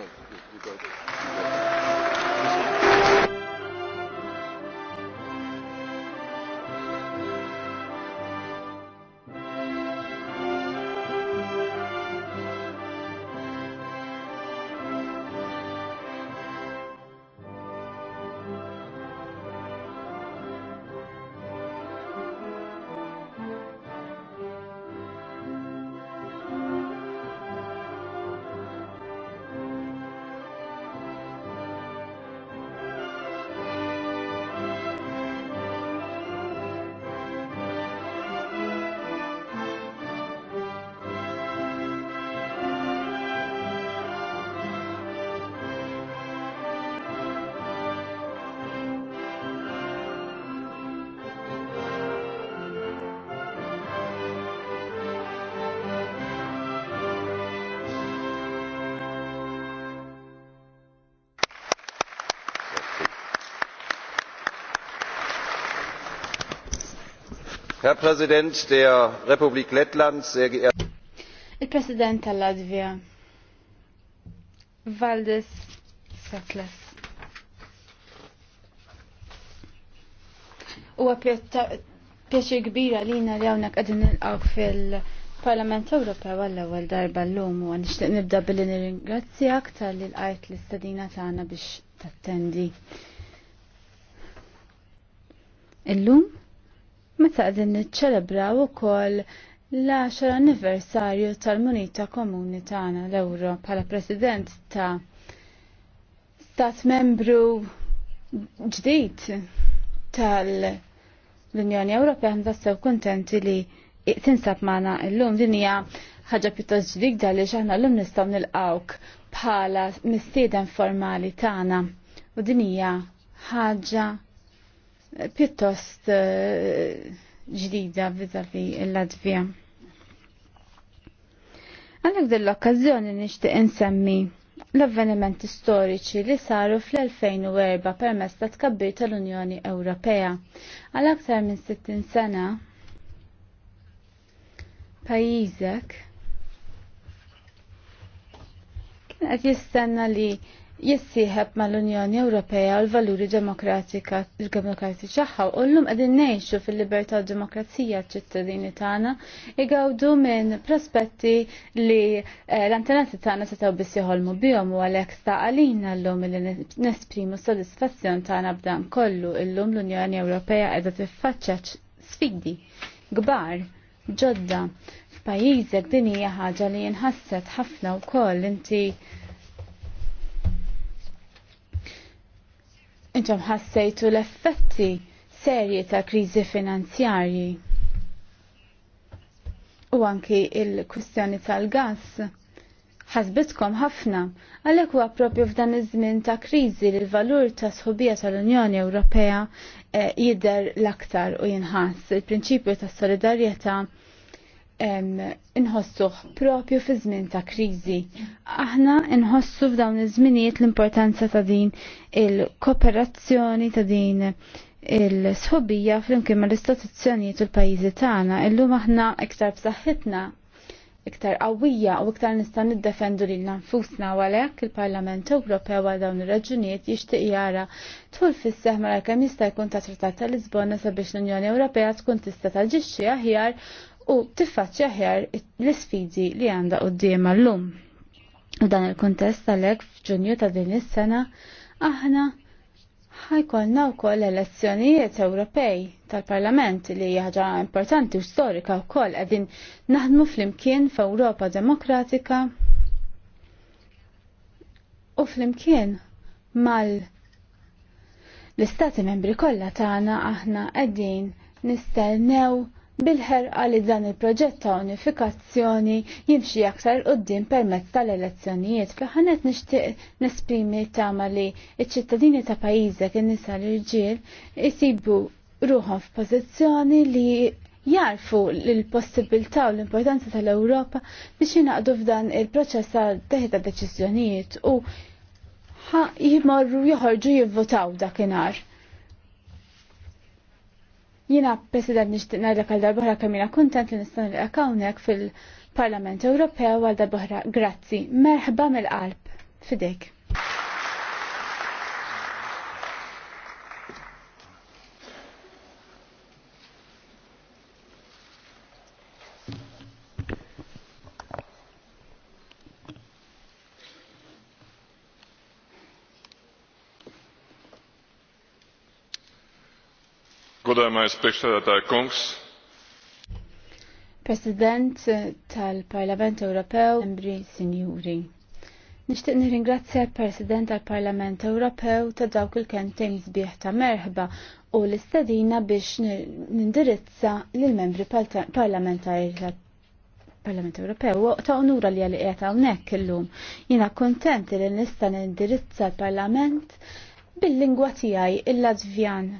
No, you, you Herr Präsident der Republik Lettland, sehr geehrter Il-President tal-Latvija, Valdis Sekles. Huwa pjaċir kbira għalina li hawnhekk qegħdin nilqgħu fil-Parlament Ewropew għall-ewwel darba llum u nixtieq nibda billi nirringrazzjak tal-li lqajt l-istadina tagħna biex tattendi. Illum? meta qegħdin niċċelebraw ukoll l-10 anniversarju tal-Munita Komuni tagħna l-Ewro bħala President ta' Stat Membru ġdid tal-Unjoni Ewropea għandha sew kuntenti li tinsab magħna llum din hija ħaġa pjuttost ġdida li xaħna llum nistgħu nilqawk bħala mistieden formali tagħna u din hija ħaġa pjuttost eh, ġdida vizavi l-Latvija. Għandek din l-okkazjoni nixtieq insemmi l-avvenimenti storiċi li saru fl-2004 permezz ta' tkabbir tal-Unjoni Ewropea. Għal aktar minn 60 sena pajjiżek kien qed jistenna li jissieħeb mal-Unjoni Ewropea u l-valuri demokratika demokratiċi tagħha u llum qegħdin ngħixu fil-libertà u demokrazija ċ-ċittadini tagħna igawdu minn prospetti li eh, l-antenati tagħna setgħu biss joħolmu bihom u għalhekk sta għalina llum li nesprimu s-sodisfazzjon tagħna b'dan kollu llum l-Unjoni Ewropea qiegħda tiffaċċa sfidi kbar ġodda f'pajjiżek din hija ħaġa li jinħasset ħafna wkoll inti intom ħassejtu l-effetti serji ta' kriżi finanzjarji. U anki il-kwistjoni tal-gas ħasbitkom ħafna għalhekk huwa proprju f'dan iż-żmien ta' kriżi li l-valur ta' sħubija tal-Unjoni Ewropea eh, jidher l-aktar u jinħass il-prinċipju ta' solidarjetà inħossuh propju fi żmien ta' kriżi. Aħna inħossu f'dawn iż-żminijiet l-importanza ta' din il-kooperazzjoni ta' din il-sħobija flimkien mal istituzzjonijiet u l-pajjiżi tagħna illum aħna iktar b'saħħitna iktar qawwija u iktar nista' niddefendu lil nfusna u għalhekk il-Parlament Ewropew għal dawn ir-raġunijiet jixtieq jara tul fis-seħ mara kemm jista' jkun ta' Trattat ta' Lisbona sabiex l-Unjoni Ewropea tkun tista' taġixxi aħjar u tiffaċċja ħjar l-isfidi li għandha qudiem llum. Dan il-kuntest għalhekk f'Ġunju ta' din is-sena aħna ħajkollna wkoll elezzjonijiet Ewropej tal-Parlament li ħaġa importanti u storika wkoll qegħdin naħdmu flimkien f'Ewropa Demokratika u flimkien mal l-istati membri kollha tagħna aħna qegħdin nistennew bil-ħerqa li dan il-proġett ta' unifikazzjoni jimxi aktar qoddim permezz tal-elezzjonijiet fl-ħanet nixtieq nesprimi tama li iċ-ċittadini ta' pajjiżek in-nisa l-irġiel isibu ruħhom f'pożizzjoni li jarfu l-possibilità u l-importanza tal-Ewropa biex jinaqdu f'dan il-proċess ta' teħda deċiżjonijiet u jimorru joħorġu jivvotaw dakinhar Jina, President, nishtiq najdlek għal darbohra kamina kontent li nistan li akawnek fil-Parlament Ewropew għal darbohra. Grazzi, merħba mill-qalb, fidek. President tal-Parlament Ewropew, membri sinjuri. Nishtiq nirringrazzja l-President tal-Parlament Ewropew ta' dawk il-kentim sbieħ ta' merħba u l-istadina biex nindirizza lill-membri parlamentari tal-Parlament Ewropew u ta' onura li għalli qiegħed hawnhekk illum. Jiena kontenti li nista' nindirizza l-Parlament bil-lingwa tiegħi il-Latvjan.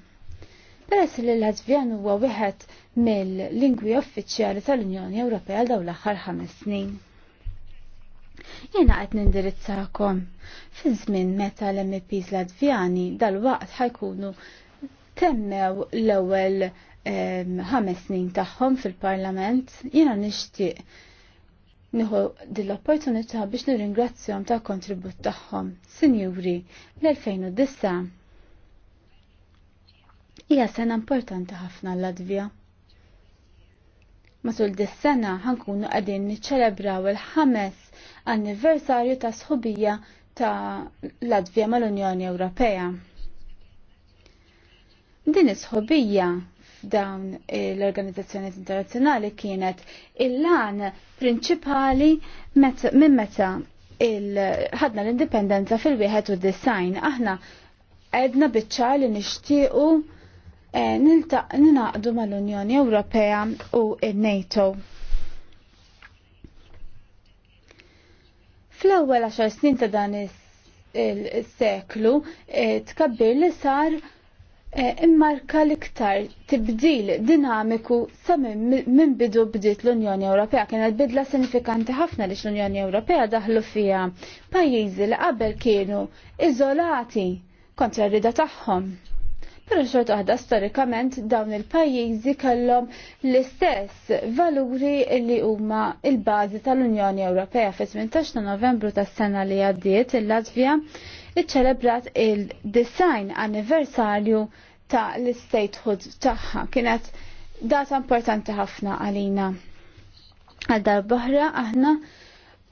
Peress li l-Latvjan huwa wieħed mill-lingwi uffiċjali tal-Unjoni Ewropea dawn l-aħħar ħames snin. Jiena qed nindirizzakom fi żmien meta l-MPs Latvjani dal-waqt ħajkunu temmew l-ewwel ehm, ħames snin tagħhom fil-Parlament, jiena nixtieq nieħu din l-opportunità biex nirringrazzjom ta' kontribut tagħhom. Sinjuri, l-2009 Hija sena importanti ħafna l-Latvija. Matul dis-sena ħankunu qegħdin niċċelebraw il-ħames anniversarju ta' sħubija ta' Latvija mal-Unjoni Ewropea. Din is-sħubija f'dawn l-organizzazzjoni internazzjonali kienet il-lan prinċipali minn meta ħadna l-indipendenza fil-wieħed u design aħna għedna biċċar li nixtiequ Eh, ninaqdu mal-Unjoni Ewropea u n-NATO. Fl-ewwel għaxar snin ta' dan is-seklu eh, tkabbir li sar eh, immarka l-iktar tibdil dinamiku sa minn bidu bdiet l-Unjoni Ewropea. Kienet bidla sinifikanti ħafna li l-Unjoni Ewropea daħlu fija pajjiżi li qabel kienu iżolati kontra rida tagħhom. Pero xort waħda storikament dawn il-pajjiżi kellhom l-istess valuri li huma il-bażi tal-Unjoni Ewropea fis-18 ta' Novembru tas-sena li għaddiet il-Latvja iċċelebrat il-design anniversarju ta' l-statehood tagħha. Kienet data importanti ħafna għalina. Għal darbohra aħna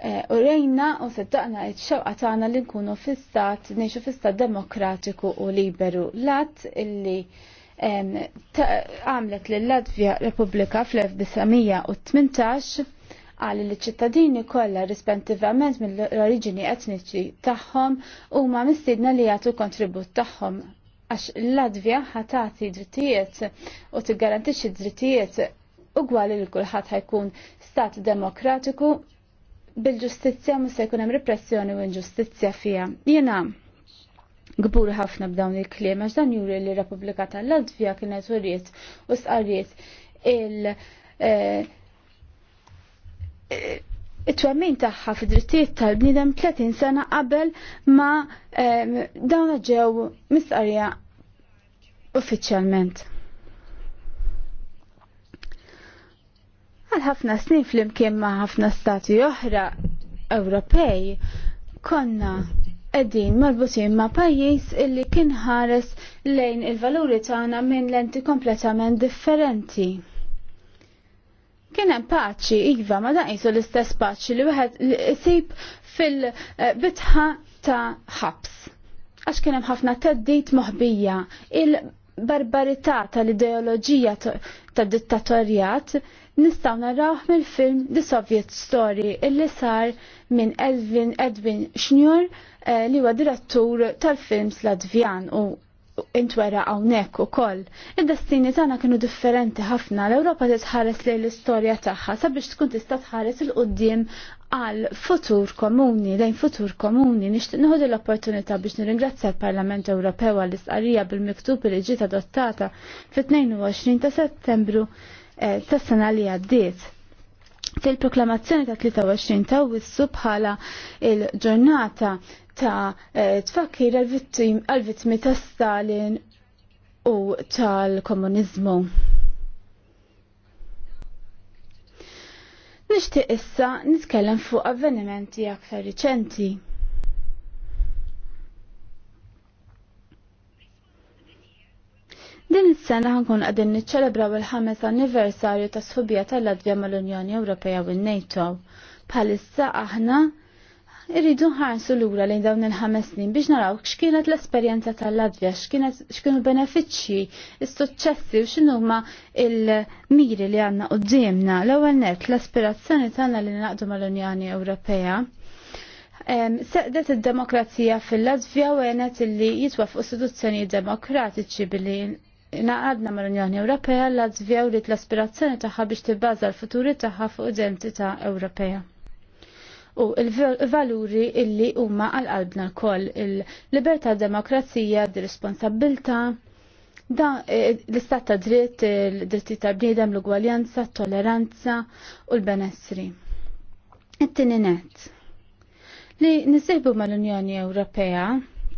Eh, u rejna u seddaqna iċċawqa xewqa tagħna li nkunu fil stat ngħixu fil stat demokratiku u liberu. Lat illi għamlet l latvja Repubblika fl-1918 għal li ċittadini kollha rispettivament mill-oriġini etniċi tagħhom huma mistiedna li jagħtu kontribut tagħhom għax l-Latvja ħatati drittijiet u tiggarantixxi drittijiet ugwali li kulħadd ħajkun stat demokratiku bil-ġustizzja mhux se jkun hemm repressjoni u inġustizzja fiha. Jiena gbur ħafna b'dawn il-kliem għax dan juri li Repubblika tal-Latvija kienet wriet u sqarriet il- eh, eh, it-twemmin tagħha fid-drittijiet tal-bniedem 30 sena qabel ma eh, dawn ġew mistqarrija uffiċjalment. Għal ħafna snin flimkien ma' ħafna stati oħra Ewropej konna qegħdin marbutin ma' pajjiż illi kien ħares lejn il-valuri tagħna minn lenti kompletament differenti. Kien hemm paċi iva ma dan qisu l-istess paċi li wieħed isib fil-bitħa ta' ħabs. Għax kien hemm ħafna teddit moħbija il-barbarità tal-ideoloġija tad dittatorjat nistaw narraħ mill-film The Soviet Story illi sar minn Elvin Edwin Schnur eh, li huwa direttur tal-film Sladvjan u intwera hawnhekk ukoll. Id-destini tagħna kienu differenti ħafna. L-Ewropa titħares lejn l-istorja tagħha sabiex tkun tista' tħares il qudiem għal futur komuni, lejn futur komuni, nixtieq nieħu l-opportunità biex nirringrazzja l-Parlament Ewropew għall istqarrija bil-miktub li ġiet adottata fit-22 ta' Settembru Eh, tas-sena li għaddiet. Fil-proklamazzjoni ta' 23 ta' wissu bħala il-ġurnata ta' eh, tfakkir għal-vittmi ta' Stalin u tal-komunizmu. Nishtiq issa nitkellem fuq avvenimenti aktar riċenti. Din is-sena ħankun qegħdin niċċelebraw il-ħames anniversarju ta' sħubija tal-Latvja mal-Unjoni Ewropea u nato Bħalissa aħna irridu ħarsu lura lejn dawn il-ħames snin biex naraw x'kienet l-esperjenza tal-Latvja, x'kienu benefiċċji, is-suċċessi u x'inhu huma il-miri li għandna qudiemna. L-ewwel nett l-aspirazzjoni tagħna li naqdu mal-Unjoni Ewropea Seqdet id-demokrazija fil-Latvja u għenet illi jitwaf istituzzjoni demokratiċi billi Naqadna mal-Unjoni Ewropea l-Latvija l-aspirazzjoni tagħha biex tibbaża l-futuri tagħha fuq identità Ewropea. U l-valuri illi huma għal qalbna l-koll, il-libertà demokrazija, di responsabilta Da, eh, l-istat ta' dritt, l-dritti ta' bniedem, l-ugwaljanza, t-toleranza u l-benessri. It-tini net. Li nisibu mal-Unjoni Ewropea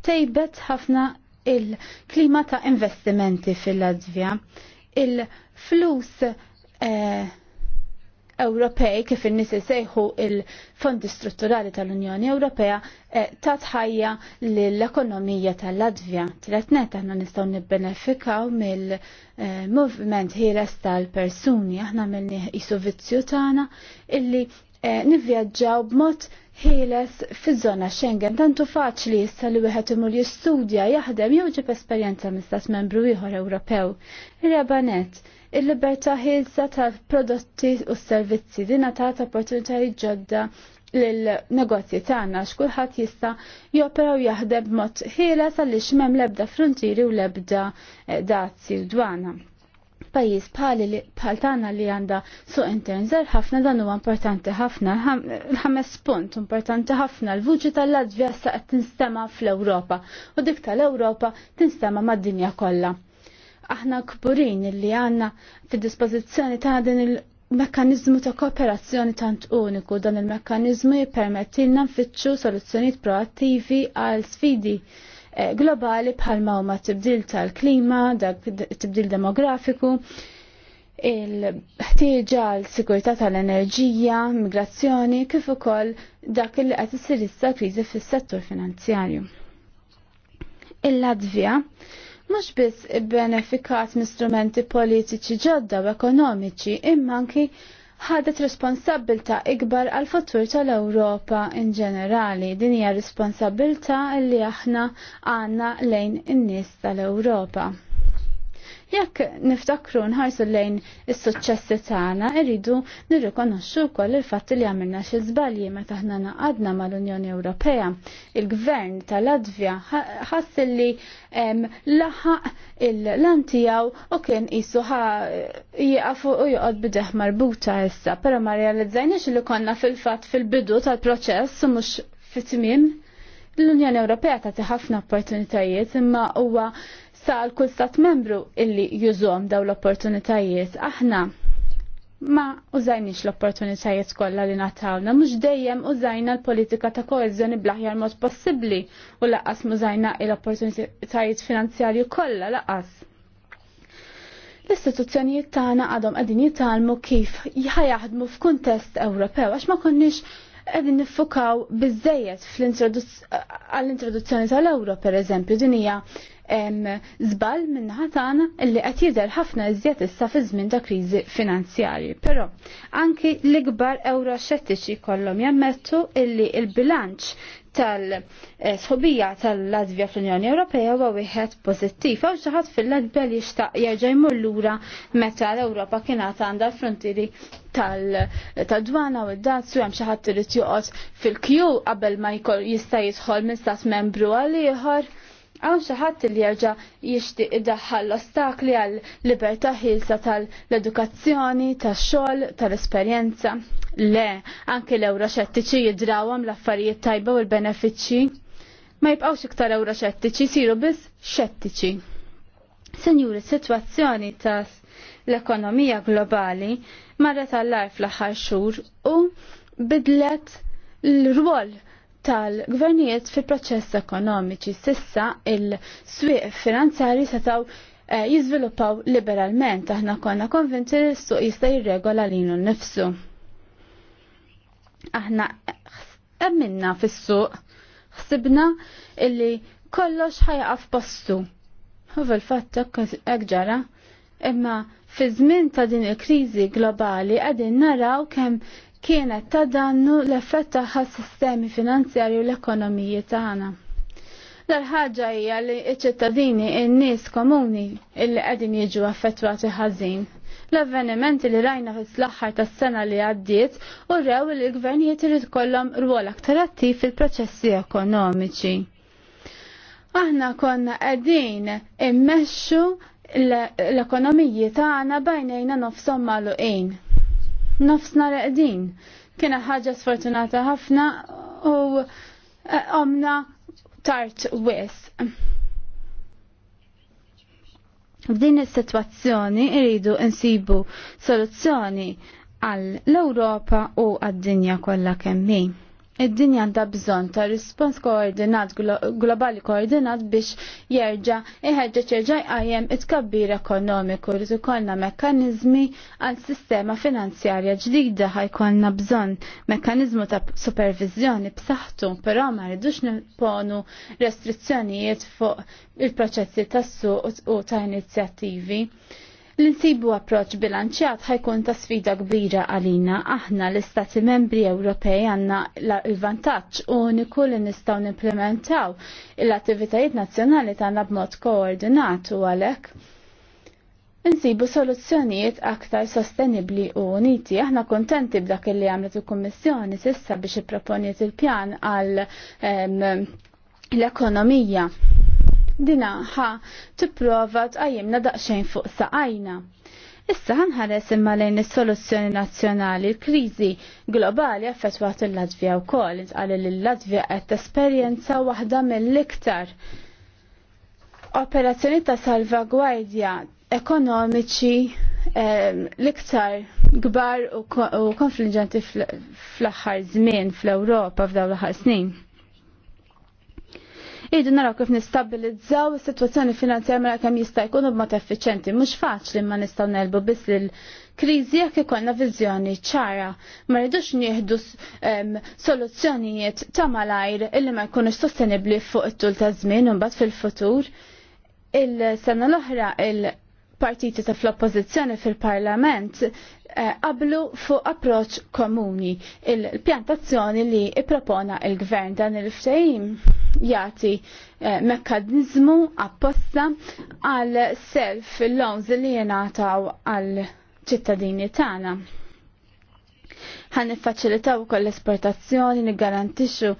tejbet ħafna il-klima ta' investimenti fil-Latvja. Il-flus eh, Ewropej kif in-nies isejħu il-Fondi Strutturali tal-Unjoni Ewropea eh, ta' tħajja l-ekonomija tal-Latvja. Tlet aħna nistgħu nibbenefikaw mill-movement eh, ħieles tal-persuni aħna mill-isu vizzju tagħna illi Eh, nivvjaġġaw b'mod ħieles fiż-żona Schengen. Tantu faċli issa li wieħed imur jistudja, jaħdem jew ġib esperjenza mistas membru ieħor Ewropew. il il-libertà ħielsa tal-prodotti u s-servizzi din ta' opportunitajiet ġodda l-negozji tagħna x'kulħadd jista' jopera u jaħdem b'mod ħieles għaliex m'hemm l-ebda frontieri u l-ebda eh, dazzi u dwana pajjiż bħal tagħna li għandha suq intern żgħar ħafna dan huwa importanti ħafna. L-ħames punt importanti ħafna l-vuċi tal-Latvja sa qed tinstema' fl-Ewropa u dik tal-Ewropa tinstema' mad-dinja kollha. Aħna kburin li għandna fid-dispożizzjoni ta' din il- mekkanizmu ta' kooperazzjoni tant uniku dan il-mekkanizmu jippermettilna nfittxu soluzzjonijiet proattivi għal sfidi Eh, globali bħalma huma tibdil tal-klima, dak tibdil demografiku, il-ħtieġa għal sigurtà tal-enerġija, migrazzjoni, kif ukoll dak li qed isir issa kriżi fis-settur finanzjarju. il latvija mhux biss ibbenefikat mistrumenti politiċi ġodda u ekonomiċi imma anki ħadet responsabilta ikbar għal fattur tal-Ewropa in ġenerali. Din hija responsabilta li aħna għandna lejn in-nies tal-Ewropa. Jekk niftakru nħarsu lejn is-suċċessi tagħna, irridu nirrikonoxxu wkoll il-fatt li għamilna xi żbalji meta aħna naqadna mal-Unjoni Ewropea. Il-Gvern tal-Latvja ħass li laħaq il-lan tiegħu u kien qisu jieqafu u joqgħod bideħ marbuta issa, però ma realizzajniex li konna fil-fatt fil-bidu tal-proċess u mhux fit-tmiem l-Unjoni Ewropea tagħti ħafna opportunitajiet imma huwa sal kull stat membru illi jużom daw l-opportunitajiet. Aħna ma użajniex l-opportunitajiet kollha li natawna, mhux dejjem użajna l-politika ta' koeżjoni bl-aħjar mod possibbli u laqas mużajna l-opportunitajiet finanzjarju kollha laqas. L-istituzzjonijiet tagħna għadhom qegħdin jitalmu kif jaħdmu f'kuntest Ewropew għax ma konniex għedin nifukaw bizzejet għall-introduzzjoni tal-Euro, per eżempju, din hija żball minnaħa tagħna li qed jidher ħafna iżjed issa fi żmien ta' kriżi finanzjarji. Però anki l-ikbar xettiċi kollhom jammettu illi il-bilanċ tal-sħobija tal-Latvja fl-Unjoni Ewropea huwa wieħed pożittiv. għal xi ħadd fil-Latvja li jixtaq jerġa' jmur lura meta l-Ewropa kienet għandha l-frontieri tal-dwana u d-dazzu hemm xi ħadd irid joqgħod fil-kju qabel ma jista' jidħol minn stat membru għal ieħor għan xaħat li jerġa jishtiq daħħal l-ostakli għal libertà ħilsa tal-edukazzjoni, tax-xogħol, tal-esperjenza. Le, anke l xettiċi jidrawam l-affarijiet tajba u l-benefiċċji. Ma jibqgħux iktar xettiċi, siru biss xettiċi. Senjuri, situazzjoni tas l-ekonomija globali marret għall-ar fl-aħħar xhur u bidlet l-rwol tal-gvernijiet fil-proċess ekonomiċi. Sissa il-swieq finanzjari setaw eh, jizviluppaw liberalment, aħna konna konvinti li s suq jista' jirregola lilu nnifsu. Aħna emminna fis-suq, ħsibna illi kollox ħajqaf postu. U fil-fatt hekk ġara, imma fi żmien ta' din il-kriżi globali qegħdin naraw kemm kienet ta' dannu l-effett tagħha sistemi finanzjarju l-ekonomiji tagħna. L-ħaġa hija li ċ-ċittadini n-nies komuni illi qegħdin jiġu affettwati ħażin. L-avvenimenti li rajna fis l-aħħar tas-sena li għaddiet u rew li l-gvernijiet irid kollhom rwol aktar attiv fil-proċessi ekonomiċi. Aħna konna qegħdin immexxu l-ekonomiji tagħna bajnejna nofshom magħluqin nafsna raqdin. Kena ħaġa sfortunata ħafna u omna e, tart wis. F'din is-sitwazzjoni iridu nsibu soluzzjoni għall-Ewropa u għad-dinja kollha kemm id-dinja għandha bżonn ta' rispons koordinat, globali koordinat biex jerġa' iħeġġeġ ċerġa jgħajem it-kabbir ekonomiku li ikollna mekkaniżmi għal sistema finanzjarja ġdida ħajkollna bżonn mekkaniżmu ta' supervizjoni b'saħħtu, però ma rridux nipponu restrizzjonijiet fuq il-proċessi tas-suq u ta' inizjattivi. L-insibu approċ bilanċjat ħajkun ta' sfida kbira għalina aħna l-Istati Membri Ewropej għanna l-vantaġġ niku li nistgħu nimplementaw l-attivitajiet nazzjonali tagħna b'mod koordinat u għalhekk. Insibu soluzzjonijiet aktar sostenibli u uniti. Aħna kontenti b'dak li għamlet il-Kummissjoni sissa biex ipproponiet il-pjan għal l-ekonomija Dina ħa tipprova tqajjimna daqsxejn fuq saqajna. Issa ħanħares imma lejn is-soluzzjoni nazzjonali l-kriżi globali affettwat il latvija wkoll intqal li l-Latvja qed tesperjenza waħda mill-iktar operazzjoni ta' salvagwardja ekonomiċi l-iktar gbar u konfliġenti fl-aħħar żmien fl-Ewropa f'dawn l-aħħar snin. Iħdu naraw kif nistabilizzaw is-sitwazzjoni finanzjarja mela kemm jista' jkun b'mod effiċenti. Mhux faċli ma nistgħu nelbu biss lil kriżi jekk ikollna viżjoni ċara. Ma rridux nieħdu soluzzjonijiet ta' malajr illi ma jkunux sostenibbli fuq it-tul ta' żmien u mbagħad fil-futur. Il-sena l-oħra il-partiti ta' fl-oppożizzjoni fil-Parlament eh, qablu fuq approċ komuni il-pjantazzjoni li ippropona il-gvern dan il-ftehim jagħti eh, mekkanizmu apposta għal self loans li jingħataw għal ċittadini tagħna. Għan niffaċilitaw ukoll l-esportazzjoni, niggarantixxu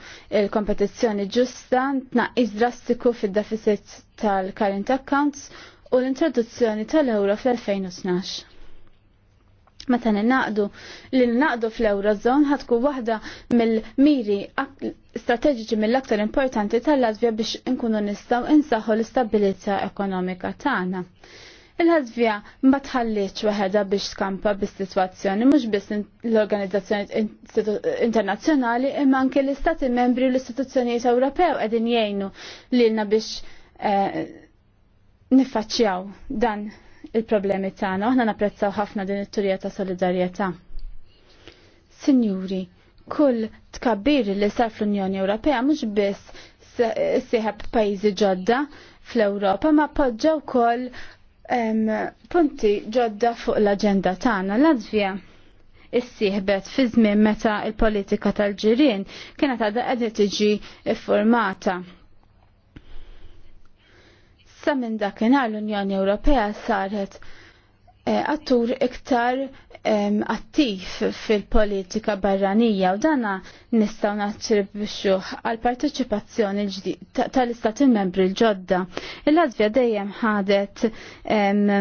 l-kompetizzjoni ġusta, tnaqqis drastiku fid-deficit tal-current accounts u l-introduzzjoni tal-euro fl-2012. Meta naqdu li naqdu fl-Eurozone ħadku waħda mill-miri strateġiċi mill-aktar importanti tal-Latvja biex inkunu nistgħu insaħħu l-istabilità ekonomika tagħna. il latvija ma tħalliċ waħda biex skampa bis situazzjoni mhux biss l-organizzazzjoni internazzjonali imma anke l-istati membri u l-istituzzjonijiet Ewropew qegħdin jgħinu lilna biex eh, niffaċċjaw dan il-problemi tagħna, aħna napprezzaw ħafna din it-turija ta' solidarjetà. Sinjuri, kull tkabbir li sar fl-Unjoni Ewropea mhux biss sieħab pajjiżi ġodda fl-Ewropa ma poġġa wkoll punti ġodda fuq l-aġenda tagħna Latvija issieħbet fi żmien meta l politika tal-ġirien kienet għadha qed tiġi iffurmata. Sa minn dakinhar l-Unjoni Ewropea saret eh, attur iktar attiv fil-politika barranija u dana nistaw naċċirbixxu għal parteċipazzjoni tal-istati membri l-ġodda. il lazvja dejjem ħadet eh,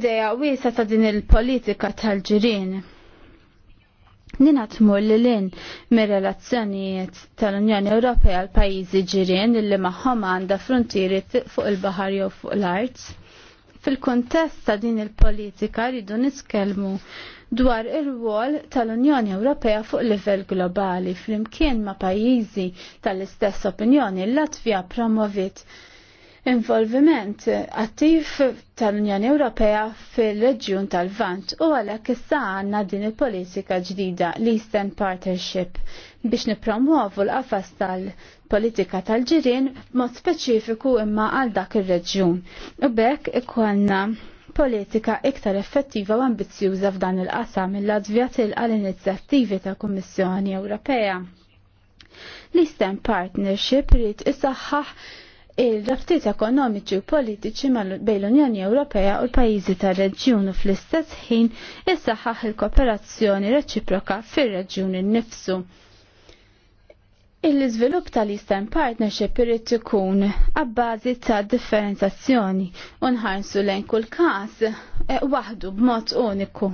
ideja wiesa ta' din il-politika tal-ġirien li l in mir-relazzjonijiet tal-Unjoni Ewropea għal pajjiżi ġirien li maħħom għandha frontieri fuq il-baħar jew fuq l-art. Fil-kontest ta' din il-politika rridu niskelmu dwar ir-rwol tal-Unjoni Ewropea fuq livell globali flimkien ma' pajjiżi tal-istess opinjoni l latvija promovit involviment attiv tal-Unjoni Ewropea fil-reġjun tal-Vant u għalhekk issa għandna din il-politika ġdida l-Eastern Partnership biex nipromuovu l-qafas tal-politika tal-ġirien mod speċifiku imma għal dak ir-reġjun. U bekk ikolna politika iktar effettiva u ambizzjuża f'dan il-qasam mill-Latvja għal inizjattivi tal-Kummissjoni Ewropea. L-Eastern Partnership rrit isaħħaħ il-rabtiet ekonomiċi u politiċi bejn l-Unjoni Ewropea u l-pajjiżi tar-reġjun u fl-istess ħin issaħħaħ il-kooperazzjoni reċiproka fir reġjuni nnifsu. Il-iżvilupp tal-Eastern Partnership irid ikun abbażi ta' differenzazzjoni u nħarsu lejn kull każ eh, waħdu b'mod uniku.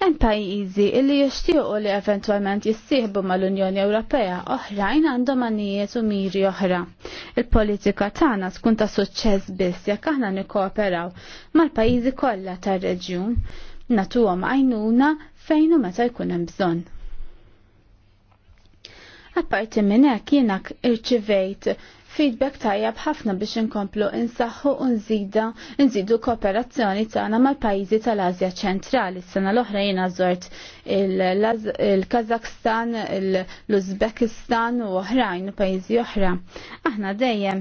Hemm pajjiżi li jixtiequ li eventwalment jissieħbu mal-Unjoni Ewropea oħrajn għandhom għanijiet u miri oħra. Il-politika tagħna tkun ta' suċċess biss jekk aħna nikkooperaw mal-pajjiżi kollha tar-reġjun natuhom għajnuna fejn u meta jkun hemm bżonn. Apparti minn hekk jiena irċivejt feedback tajjeb ħafna biex inkomplu insaħħu u nżida nżidu kooperazzjoni tagħna mal-pajjiżi tal-Asja ċentrali. Sena l-oħra jiena żort il-Kazakstan, l-Uzbekistan u oħrajn u pajjiżi oħra. Aħna dejjem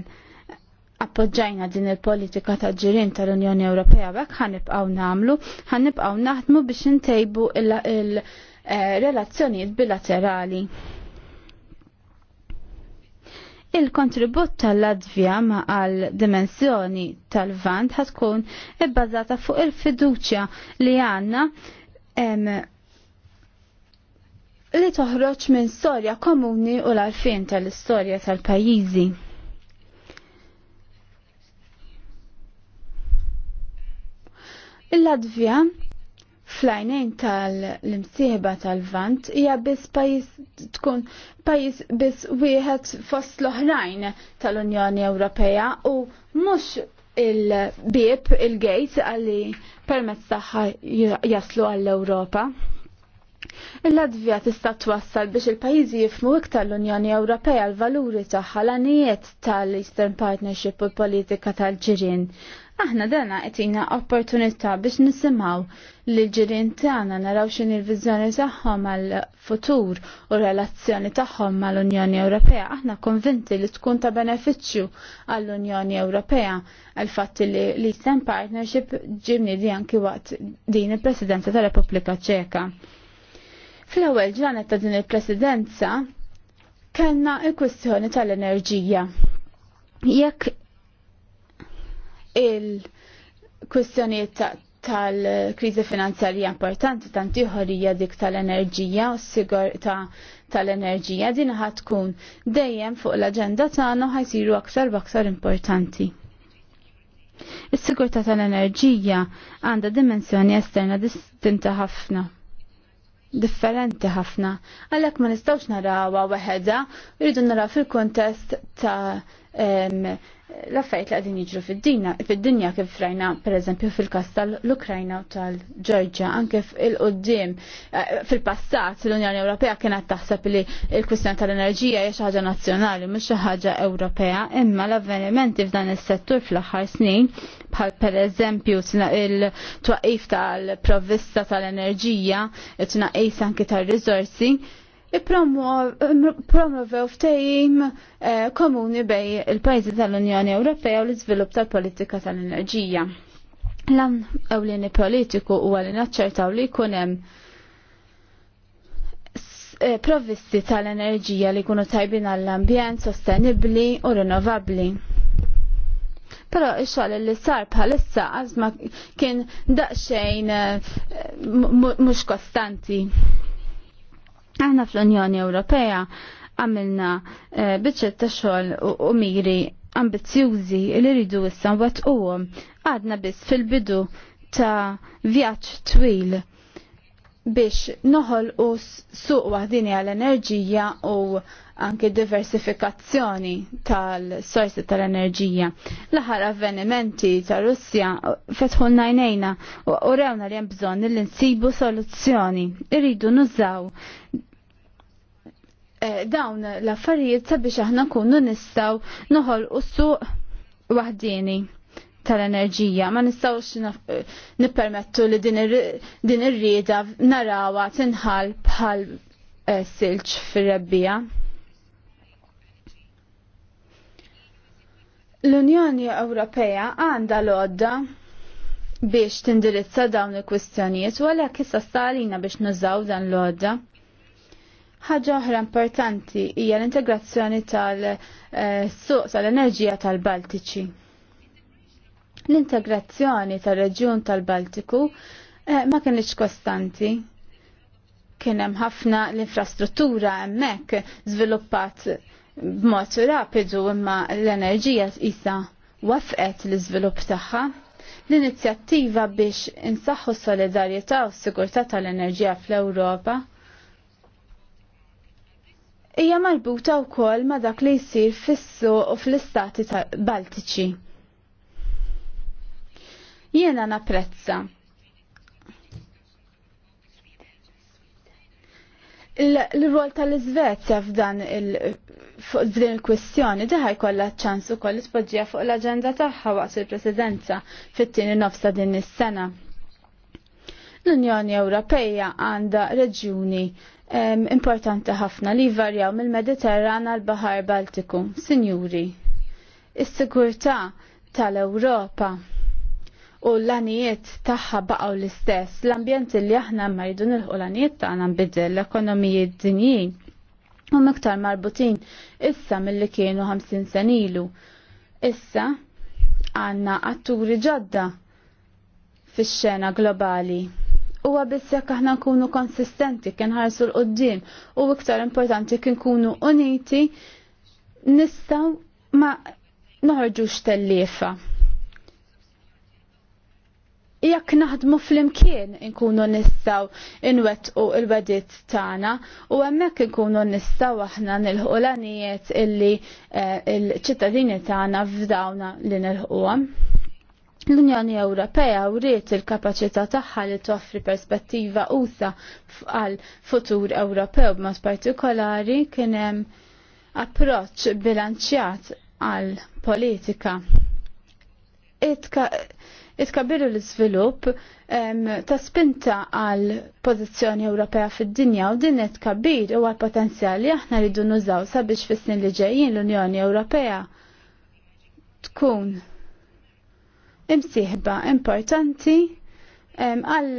appoġġajna din il-politika ta' ġirien tal-Unjoni Ewropea bekk ħanibqgħu nagħmlu, ħanibqgħu naħdmu biex intejbu il-relazzjonijiet eh, bilaterali. Il-kontribut tal-Latvja ma għal dimensjoni tal-vant ħatkun ibbażata fuq il-fiduċja li għanna li toħroġ minn storja komuni u l-arfin tal-istorja tal-pajizi. il latvija flajnejn tal-imsieħba tal-vant hija biss pajis tkun pajis biss wieħed fost l-oħrajn tal-Unjoni Ewropea u mhux il-bieb il-gejt għalli permezz tagħha jaslu għall-Ewropa. Il-Latvija tista' twassal biex il-pajjiżi jifmu iktar l-Unjoni Ewropea l-valuri tagħha l-anijiet tal-Eastern Partnership u l-politika tal-ġirien. Aħna dana qed opportunità biex nisimgħu li ġirien tagħna naraw x'in il vizjoni tagħhom għal futur u relazzjoni tagħhom mal-Unjoni Ewropea. Aħna konvinti li tkun ta' benefiċċju għall-Unjoni Ewropea għal fatt li l sem Partnership ġimni di anki waqt din il-Presidenza ta' Repubblika Ċeka. Fl-ewwel ġranet ta' din il-Presidenza kellna il-kwistjoni tal-enerġija. Jekk il-kwistjoniet tal-krizi finanzjarija importanti tant hija dik tal-enerġija u s sigur tal-enerġija din tkun dejjem fuq l-aġenda tagħna ħajsiru aktar b'aktar importanti. is sigurtà tal-enerġija għandha dimensjoni esterna distinta ħafna differenti ħafna, għalhekk ma nistgħux narawha waħedha jridu naraw fil-kuntest ta' l affajt li qegħdin jiġru fid-dinja kif rajna pereżempju fil-każ tal-Ukrajna u tal ġorġa anke fil qudiem eh, fil-passat l-Unjoni Ewropea kienet taħseb li l-kwistjoni tal-enerġija hija xi ħaġa nazzjonali mhux xi ħaġa Ewropea, imma l-avvenimenti f'dan is-settur fl-aħħar snin bħal pereżempju il-twaqif tal-provvista tal-enerġija, il tnaqqis anke tar rizorsi promovew ftehim eh, komuni bej il-pajzi tal-Unjoni Ewropea u l-iżvilupp tal-politika tal-enerġija. Lan ewlieni politiku huwa li naċċertaw li jkun hemm eh, provvisti tal-enerġija li jkunu tajbin għall-ambjent sostenibbli u rinnovabbli. Pero ix-xogħol li sar bħalissa għazma kien daqsxejn eh, mhux kostanti. Aħna fl-Unjoni Ewropea għamilna eh, biċċet ta' xogħol u miri ambizzjużi li rridu issa nwettquhom għadna biss fil-bidu ta' vjaġġ twil biex noħol u suq waħdini għal-enerġija u anke diversifikazzjoni tal-sorsi tal-enerġija. L-aħħar avvenimenti ta' Russja uh, fetħu najnejna u rewna li hemm bżonn li nsibu soluzzjoni. Irridu nużaw eh, dawn l-affarijiet sabiex aħna kunu nistaw noħol u suq waħdini tal-enerġija. Ma nistawx nippermettu li din ir-rieda narawa tinħal bħal eh, silġ fir-rebbija. L-Unjoni Ewropea għandha l-odda biex tindirizza dawn il-kwistjonijiet u għalhekk issa stalina biex nużaw dan l-odda. Ħaġa oħra importanti hija l-integrazzjoni tal-suq eh, tal-enerġija tal-Baltiċi. tal suq tal enerġija tal baltiċi L-integrazzjoni tal-reġjun tal-Baltiku eh, ma kienx kostanti. Kien hemm ħafna l-infrastruttura hemmhekk żviluppat b'mod rapidu imma l-enerġija isa wafqet l-iżvilupp tagħha. L-inizjattiva biex insaħħu s-solidarjetà u s-sigurtà tal-enerġija fl-Ewropa hija marbuta wkoll ma' dak li jsir fissu u fl-istati baltiċi. Jiena naprezza. L-rol tal-Izvezja f'dan il-din il-kwistjoni diħa jkollha ċans ukoll ispoġġija fuq l-aġenda tagħha waqt il-Presidenza fit-tieni nofsa din is-sena. L-Unjoni Ewropeja għandha reġjuni importanti ħafna li jvarjaw mill-Mediterran għal bahar Baltiku. Sinjuri, is-sigurtà tal-Ewropa u l-anijiet tagħha baqgħu l-istess. L-ambjent li aħna ma jridu l-anijiet ta'ħna nbiddil l-ekonomiji dinji u miktar marbutin issa mill-li kienu 50 senilu. ilu. Issa għanna atturi ġodda fix-xena globali huwa biss jekk aħna nkunu konsistenti kien ħarsu l qoddim u iktar importanti kien kunu uniti nistaw ma noħorġux telliefa jekk naħdmu fl-imkien inkunu nistaw u il-wedit tagħna u hemmhekk inkunu nistaw aħna nilħu l-anijiet illi eh, il-ċittadini tagħna f'dawna li nilħuhom. L-Unjoni Ewropea wriet il-kapaċità tagħha li toffri perspettiva usa għal futur Ewropew b'mod partikolari kien hemm approċċ bilanċjat għal politika it-kabiru l-izvilup ta' spinta għal pozizjoni Ewropea fid-dinja u din it-kabir u għal potenzjali aħna rridu nużaw sabiex fis-snin li ġejjin l-Unjoni Ewropea tkun imsieħba importanti għal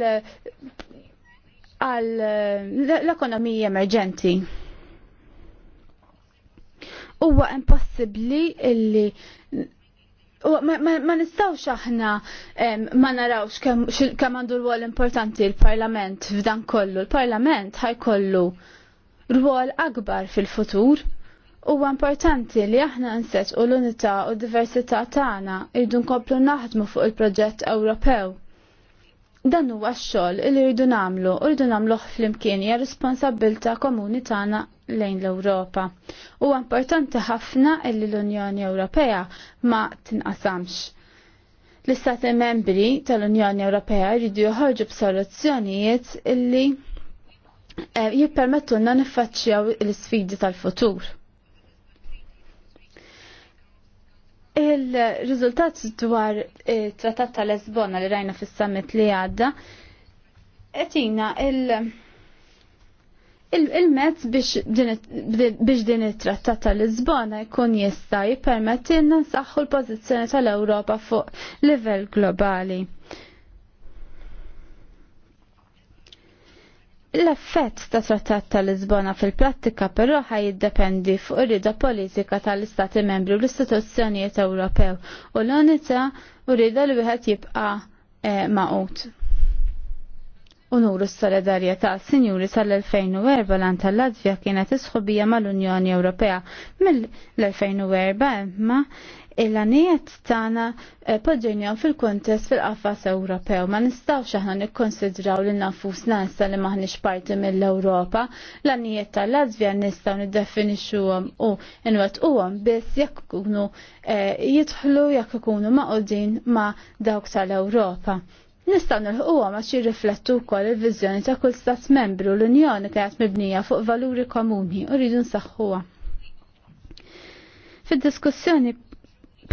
għal l-ekonomija emerġenti. Huwa impossibbli illi ma nistawx aħna ma narawx kemm għandu rwol importanti l-Parlament f'dan kollu. L-Parlament ħajkollu rwol akbar fil-futur. Huwa importanti li aħna nsess u l-unità u diversità tagħna irdu nkomplu naħdmu fuq il-proġett Ewropew. Dan huwa x-xogħol li rridu nagħmlu u rridu nagħmluh flimkien hija responsabilta komuni tagħna lejn l-Ewropa. U importanti ħafna illi l-Unjoni Ewropea ma tinqasamx. L-istati membri tal-Unjoni Ewropea jridu joħorġu b'soluzzjonijiet illi eh, jippermettulna niffaċċjaw l-sfidi tal-futur. Il-riżultat dwar it-Trattat tal-Lesbona li rajna fis-summit li għadda, qed il- il-mezz biex din it-trattat tal-Lisbona jkun jista' jippermettilna nsaħħu l-pożizzjoni tal-Ewropa fuq livell globali. L-effett ta' trattat tal-Lisbona fil-prattika però ħaj jiddependi fuq ir-rida politika tal-Istati membri u l-istituzzjonijiet Ewropew u l-unità u rida li wieħed jibqa' eh, maqut. Unuru s-solidarjetà sinjuri sal-2004 lan tal-Latvja kienet isħobija mal-Unjoni Ewropea mill-2004 imma il-għaniet tana eh, podġenjaw fil-kontest fil-qafas Ewropew. Ma nistaw aħna nikkonsidraw li nafus nasa li maħniex parti mill-Ewropa. L-għaniet tal-Latvja nistaw għom u nwettquhom biss jekk ikunu eh, jidħlu jekk ikunu maqudin ma' dawk tal-Ewropa. Nistaw nilħuwa ma xi jirriflettu wkoll il-viżjoni ta' kull stat membru l-Unjoni kajat mibnija fuq valuri komuni u rridu nsaħħuha. Fid-diskussjoni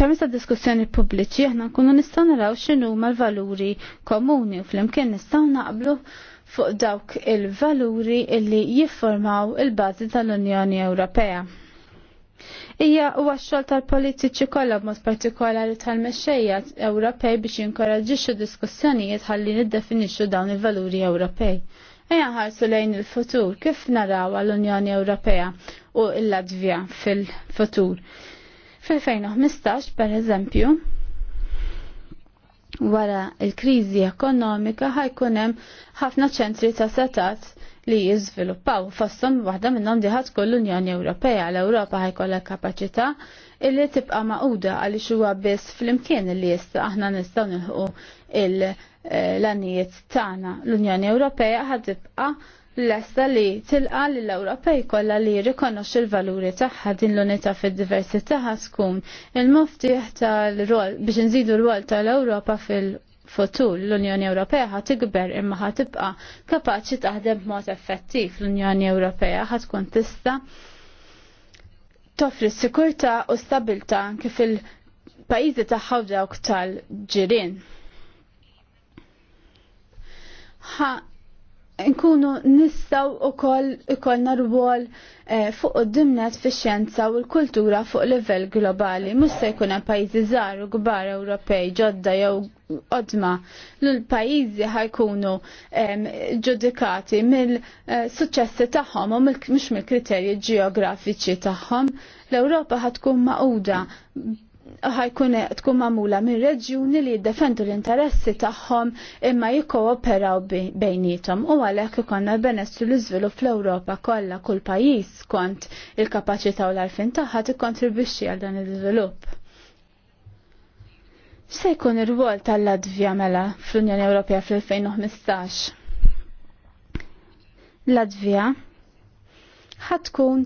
permess ta' diskussjoni pubbliċi aħna nkunu nistgħu naraw x'inhu l-valuri komuni u flimkien nistgħu naqblu fuq dawk il-valuri illi jiffurmaw il-bażi tal-Unjoni Ewropea hija huwa x-xogħol tal-politiċi kollha mod partikolari tal-mexxejja Ewropej biex jinkoraġġixxu diskussjonijiet ħalli niddefinixxu dawn il-valuri Ewropej. Ejja ħarsu lejn il-futur kif naraw għall-Unjoni Ewropea u l latvija fil-futur. Fil-2015, per eżempju, wara il-kriżi ekonomika ħajkun hemm ħafna ċentri ta' setat li jiżviluppaw fosthom waħda minnhom diħat kol l-Unjoni Ewropea l-Ewropa ħajkolla kapaċità illi tibqa' maquda għaliex huwa biss flimkien li jista' aħna nistgħu nilħu eh, l-għanijiet tagħna. L-Unjoni Ewropea ħad tibqa' l-esta li tilqa li l-Ewropej kollha li jirrikonoxxi l-valuri tagħha din l-unità fid-diversità tkun il-muftiħ tal-rol biex nżidu l-rol tal-Ewropa fil futur l-Unjoni Ewropea ħat ikber imma ħat tibqa kapaċi taħdem b'mod effettiv l-Unjoni Ewropea ħat tkun tista toffri sikurta u stabilta anke fil-pajjiżi tagħha dawk tal-ġirien nkunu nistaw u koll ikollna rwol eh, fuq dimnet fi xjenza u l-kultura fuq livell globali. Musta jkun hemm pajjiżi żgħar u kbar Ewropej ġodda jew qodma l-pajjiżi ħajkunu ġudikati mill-suċċessi eh, tagħhom u mhux mill-kriterji ġeografiċi tagħhom. L-Ewropa ħatkun maquda ħajkun tkun magħmula minn reġjuni li jiddefendu l-interessi tagħhom imma jikkooperaw bejnietom u għalhekk ikonna benessru l-iżvilupp fl-Ewropa kollha kull pajjiż kont il-kapaċità u l-arfin tagħha tikkontribwixxi għal dan l-iżvilupp. Se jkun ir-rwol tal-Latvja mela fl-Unjoni Ewropea fl-2015? Latvja ħatkun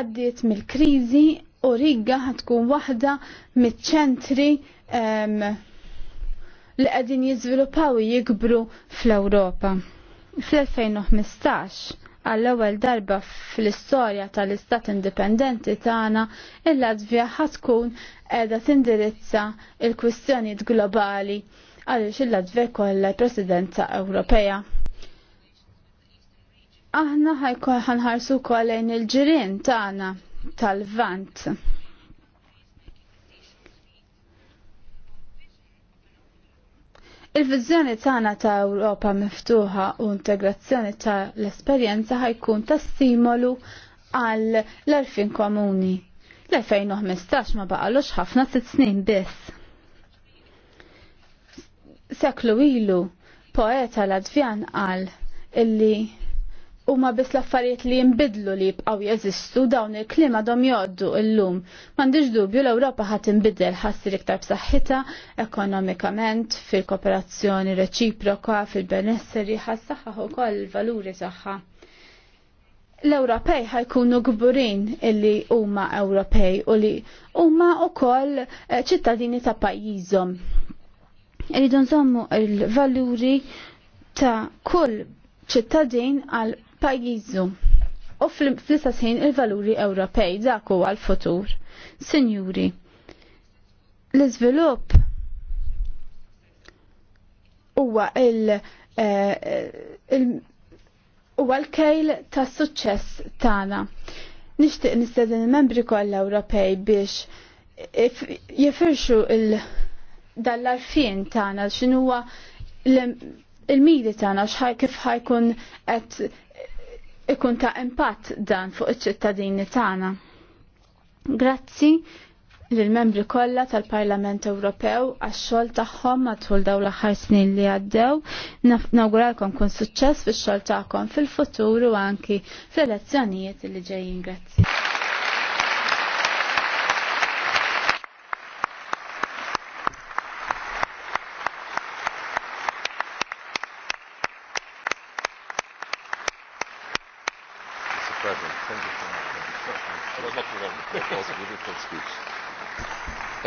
għaddiet mill-kriżi u Rigga ħatkun waħda mit-ċentri li qegħdin jizvilupaw jikbru fl-Ewropa. Fl-2015 għall-ewwel darba fl-istorja tal-Istat Indipendenti tagħna il-Latvja ħatkun qiegħda tindirizza il-kwistjonijiet globali għaliex il-Latvja kollha presidenza Ewropea aħna ħanħarsu lejn il-ġirien tagħna tal-Vant. Il-vizjoni tagħna ta' Ewropa miftuħa u integrazzjoni ta' l-esperjenza ħajkun ta' stimolu għal l-erfin komuni. L-2015 ma baqalux ħafna sitt snin biss. Seklu ilu, poeta Latvjan qal illi huma biss l-affarijiet li jinbidlu li jibqgħu jeżistu dawn il-klima dom jgħoddu llum. M'għandix dubju l-Ewropa ħadd inbidel ħassir iktar b'saħħitha ekonomikament fil-kooperazzjoni reċiproka fil-benesseri ħassaħħaħ ukoll il-valuri tagħha. L-Ewropej ħajkunu gburin illi huma Ewropej u li huma ukoll eh, ċittadini ta' pajjiżhom. Irridu nżommu l valuri ta' kull ċittadin għal pajizu u fl-istess il-valuri Ewropej dak huwa l-futur. Sinjuri, l-iżvilupp huwa il- eh, eh, huwa l-kejl ta' suċċess tagħna. Nixtieq nistedin il-membri kollha Ewropej biex jifirxu il-dallarfien tagħna x'inhuwa il-mili tagħna x'ħaj kif ħajkun qed ikun ta' impatt dan fuq iċ-ċittadini tagħna. Grazzi lill-membri kollha tal-Parlament Ewropew għax-xogħol tagħhom matul dawn l-aħħar snin li għaddew. Nawguralkom kun suċċess fix-xogħol tagħkom fil-futur u anki fl-elezzjonijiet li ġejjin. Grazzi.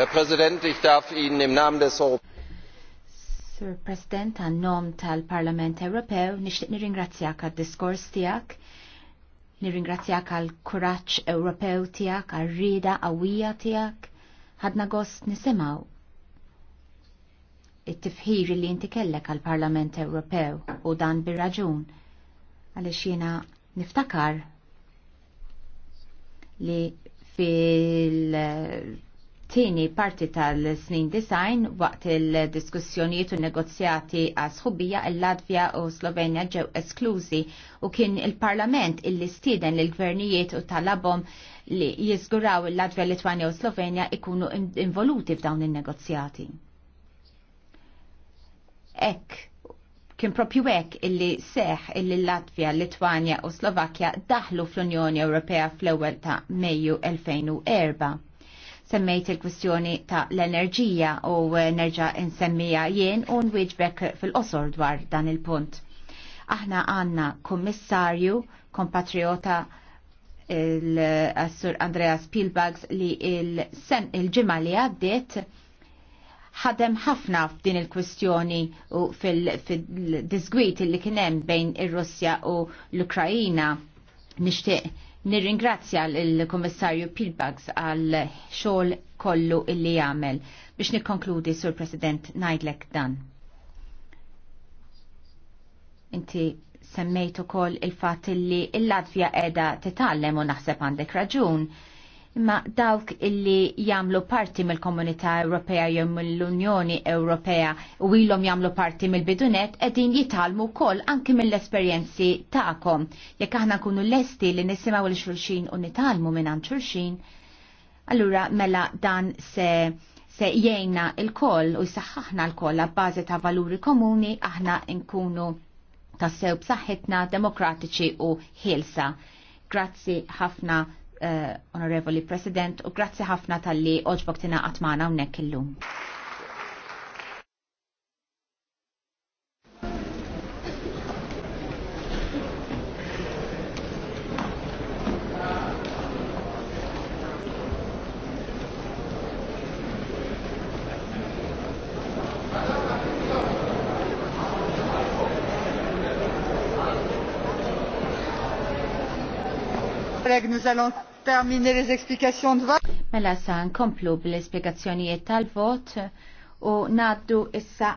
Herr Präsident, ich darf Ihnen im Namen des Sir President, għan nom tal-Parlament Ewropew, nixtieq nirringrazzjak għad-diskors tiegħek, nirringrazzjak għal-kuraġġ Ewropew tiegħek, għar-rieda qawwija tiegħek, ħadna gost nisimgħu it-tifħir li inti kellek għal-Parlament Ewropew u dan bir-raġun għaliex jiena niftakar li fil tini tieni parti tal-snin design waqt il-diskussjonijiet u negozjati għas ħubbija il-Latvja u Slovenja ġew esklużi u kien il-Parlament illi stieden l gvernijiet u talabhom li jiżguraw il-Latvja, Litwania u Slovenja ikunu involuti f'dawn il-negozjati. Ek, kien propju hekk illi seħ illi Latvja, Litwania u Slovakkja daħlu fl-Unjoni Ewropea fl-ewwel ta' Mejju 2004 semmejt il-kwistjoni ta' l-enerġija u eh, nerġa' insemmija jien u nwieġbek fil-qosor dwar dan il-punt. Aħna għanna kommissarju, kompatriota l assur Andrea Spielbags li il-sen il-ġimma li għaddit ħadem ħafna f'din il-kwistjoni u fil-disgwit li kienem bejn ir-Russja u l-Ukrajina nixtieq Nirringrazzja l kommissarju Pilbags għal xogħol kollu illi jagħmel biex nikkonkludi sur President ngħidlek dan. Inti semmejt ukoll il-fatt illi l-Latvja qiegħda titgħallem u naħseb għandek raġun imma dawk illi jamlu parti mill-Komunità Ewropea jew mill-Unjoni Ewropea u ilhom jamlu parti mill-bidunet qegħdin jitalmu wkoll anki mill-esperjenzi tagħkom. Jekk aħna nkunu lesti li nisimgħu l xulxin u nitalmu minn xulxin, allura mela dan se se jgħinna l koll u jsaħħaħna l-koll għabbażi ta' valuri komuni aħna nkunu tassew b'saħħitna demokratiċi u ħilsa. Grazzi ħafna uh, Onorevoli President, u grazzi ħafna tal-li oġbok tina għatmana unnek illum. collègues nous allons terminer les explications de vote. Mela sa nkomplu bl-esplikazzjonijiet tal-vot u naddu issa